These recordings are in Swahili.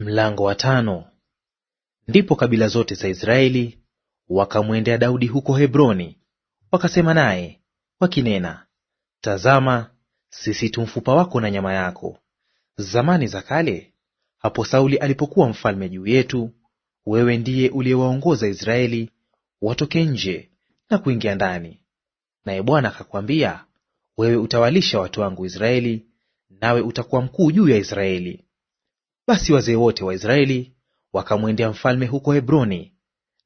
Mlango wa tano. Ndipo kabila zote za Israeli wakamwendea Daudi huko Hebroni, wakasema naye wakinena, Tazama, sisi tu mfupa wako na nyama yako. Zamani za kale, hapo Sauli alipokuwa mfalme juu yetu, wewe ndiye uliyewaongoza Israeli watoke nje na kuingia ndani. Naye Bwana akakwambia, wewe utawalisha watu wangu Israeli, nawe utakuwa mkuu juu ya Israeli. Basi wazee wote wa Israeli wakamwendea mfalme huko Hebroni,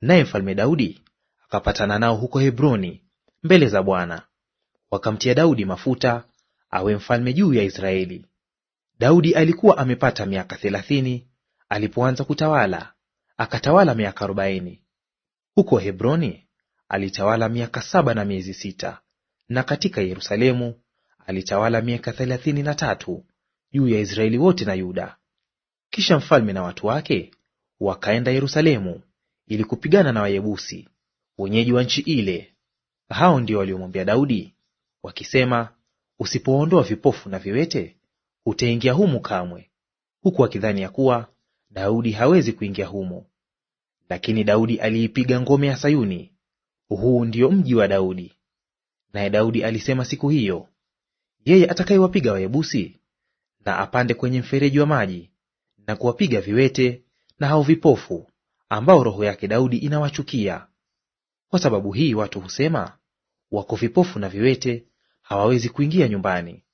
naye mfalme Daudi akapatana nao huko Hebroni mbele za Bwana. Wakamtia Daudi mafuta awe mfalme juu ya Israeli. Daudi alikuwa amepata miaka thelathini alipoanza kutawala, akatawala miaka arobaini. Huko Hebroni alitawala miaka saba na miezi sita, na katika Yerusalemu alitawala miaka thelathini na tatu juu ya Israeli wote na Yuda. Kisha mfalme na watu wake wakaenda Yerusalemu ili kupigana na Wayebusi, wenyeji wa nchi ile. Hao ndio waliomwambia Daudi wakisema, usipoondoa vipofu na viwete, hutaingia humu kamwe, huku wakidhani ya kuwa Daudi hawezi kuingia humo. Lakini Daudi aliipiga ngome ya Sayuni, huu ndio mji wa Daudi. Naye Daudi alisema siku hiyo, yeye atakayewapiga Wayebusi na apande kwenye mfereji wa maji na kuwapiga viwete na hao vipofu ambao roho yake Daudi inawachukia. Kwa sababu hii watu husema, wako vipofu na viwete, hawawezi kuingia nyumbani.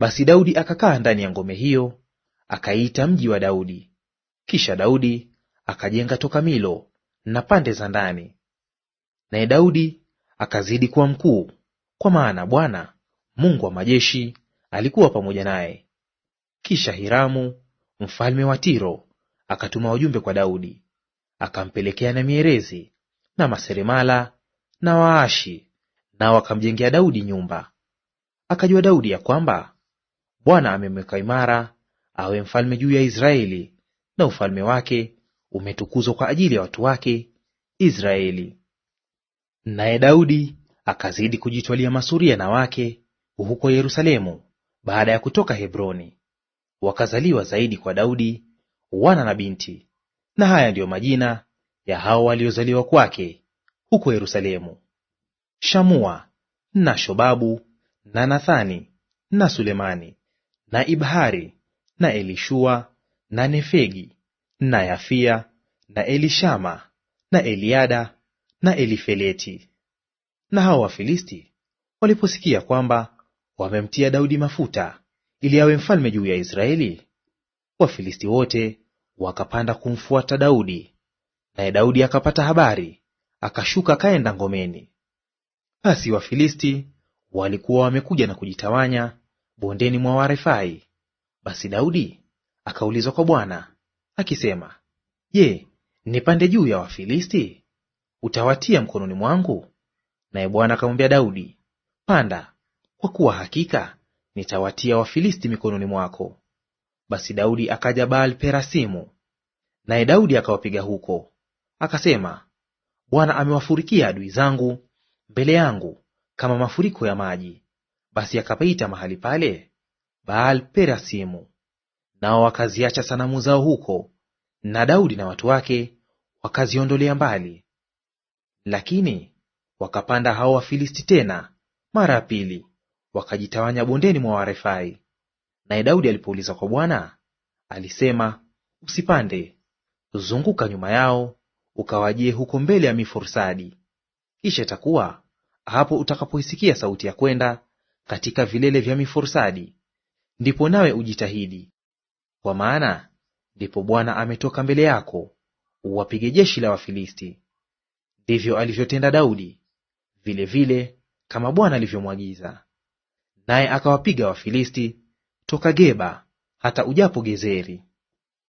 Basi Daudi akakaa ndani ya ngome hiyo, akaiita mji wa Daudi. Kisha Daudi akajenga toka Milo na pande za ndani. Naye Daudi akazidi kuwa mkuu, kwa maana Bwana Mungu wa majeshi alikuwa pamoja naye. Kisha Hiramu mfalme wa Tiro akatuma wajumbe kwa Daudi, akampelekea na mierezi na maseremala na waashi, nao akamjengea Daudi nyumba. Akajua Daudi ya kwamba Bwana amemweka imara awe mfalme juu ya Israeli, na ufalme wake umetukuzwa kwa ajili ya watu wake Israeli. Naye Daudi akazidi kujitwalia masuria na wake huko Yerusalemu baada ya kutoka Hebroni. Wakazaliwa zaidi kwa Daudi wana na binti. Na haya ndiyo majina ya hao waliozaliwa kwake huko Yerusalemu: Shamua na Shobabu na Nathani na Sulemani na Ibhari na Elishua na Nefegi na Yafia na Elishama na Eliada na Elifeleti. Na hao Wafilisti waliposikia kwamba wamemtia Daudi mafuta, ili awe mfalme juu ya Israeli? Wafilisti wote wakapanda kumfuata Daudi, naye Daudi akapata habari, akashuka akaenda ngomeni. Basi Wafilisti walikuwa wamekuja na kujitawanya bondeni mwa Warefai. Basi Daudi akaulizwa kwa Bwana akisema, Je, nipande juu ya Wafilisti? Utawatia mkononi mwangu? Naye Bwana akamwambia Daudi, Panda, kwa kuwa hakika nitawatia Wafilisti mikononi mwako. Basi Daudi akaja Baal Perasimu, naye Daudi akawapiga huko. Akasema, Bwana amewafurikia adui zangu mbele yangu kama mafuriko ya maji. Basi akapaita mahali pale Baal Perasimu. Nao wakaziacha sanamu zao huko, na Daudi na watu wake wakaziondolea mbali. Lakini wakapanda hao Wafilisti tena mara ya pili, wakajitawanya bondeni mwa Warefai. Naye Daudi alipouliza kwa Bwana, alisema, usipande; zunguka nyuma yao, ukawajie huko mbele ya Mifursadi. Kisha itakuwa hapo utakapoisikia sauti ya kwenda katika vilele vya mifursadi ndipo nawe ujitahidi, kwa maana ndipo Bwana ametoka mbele yako uwapige jeshi la Wafilisti. Ndivyo alivyotenda Daudi, vilevile vile, kama Bwana alivyomwagiza naye akawapiga Wafilisti toka Geba hata ujapo Gezeri.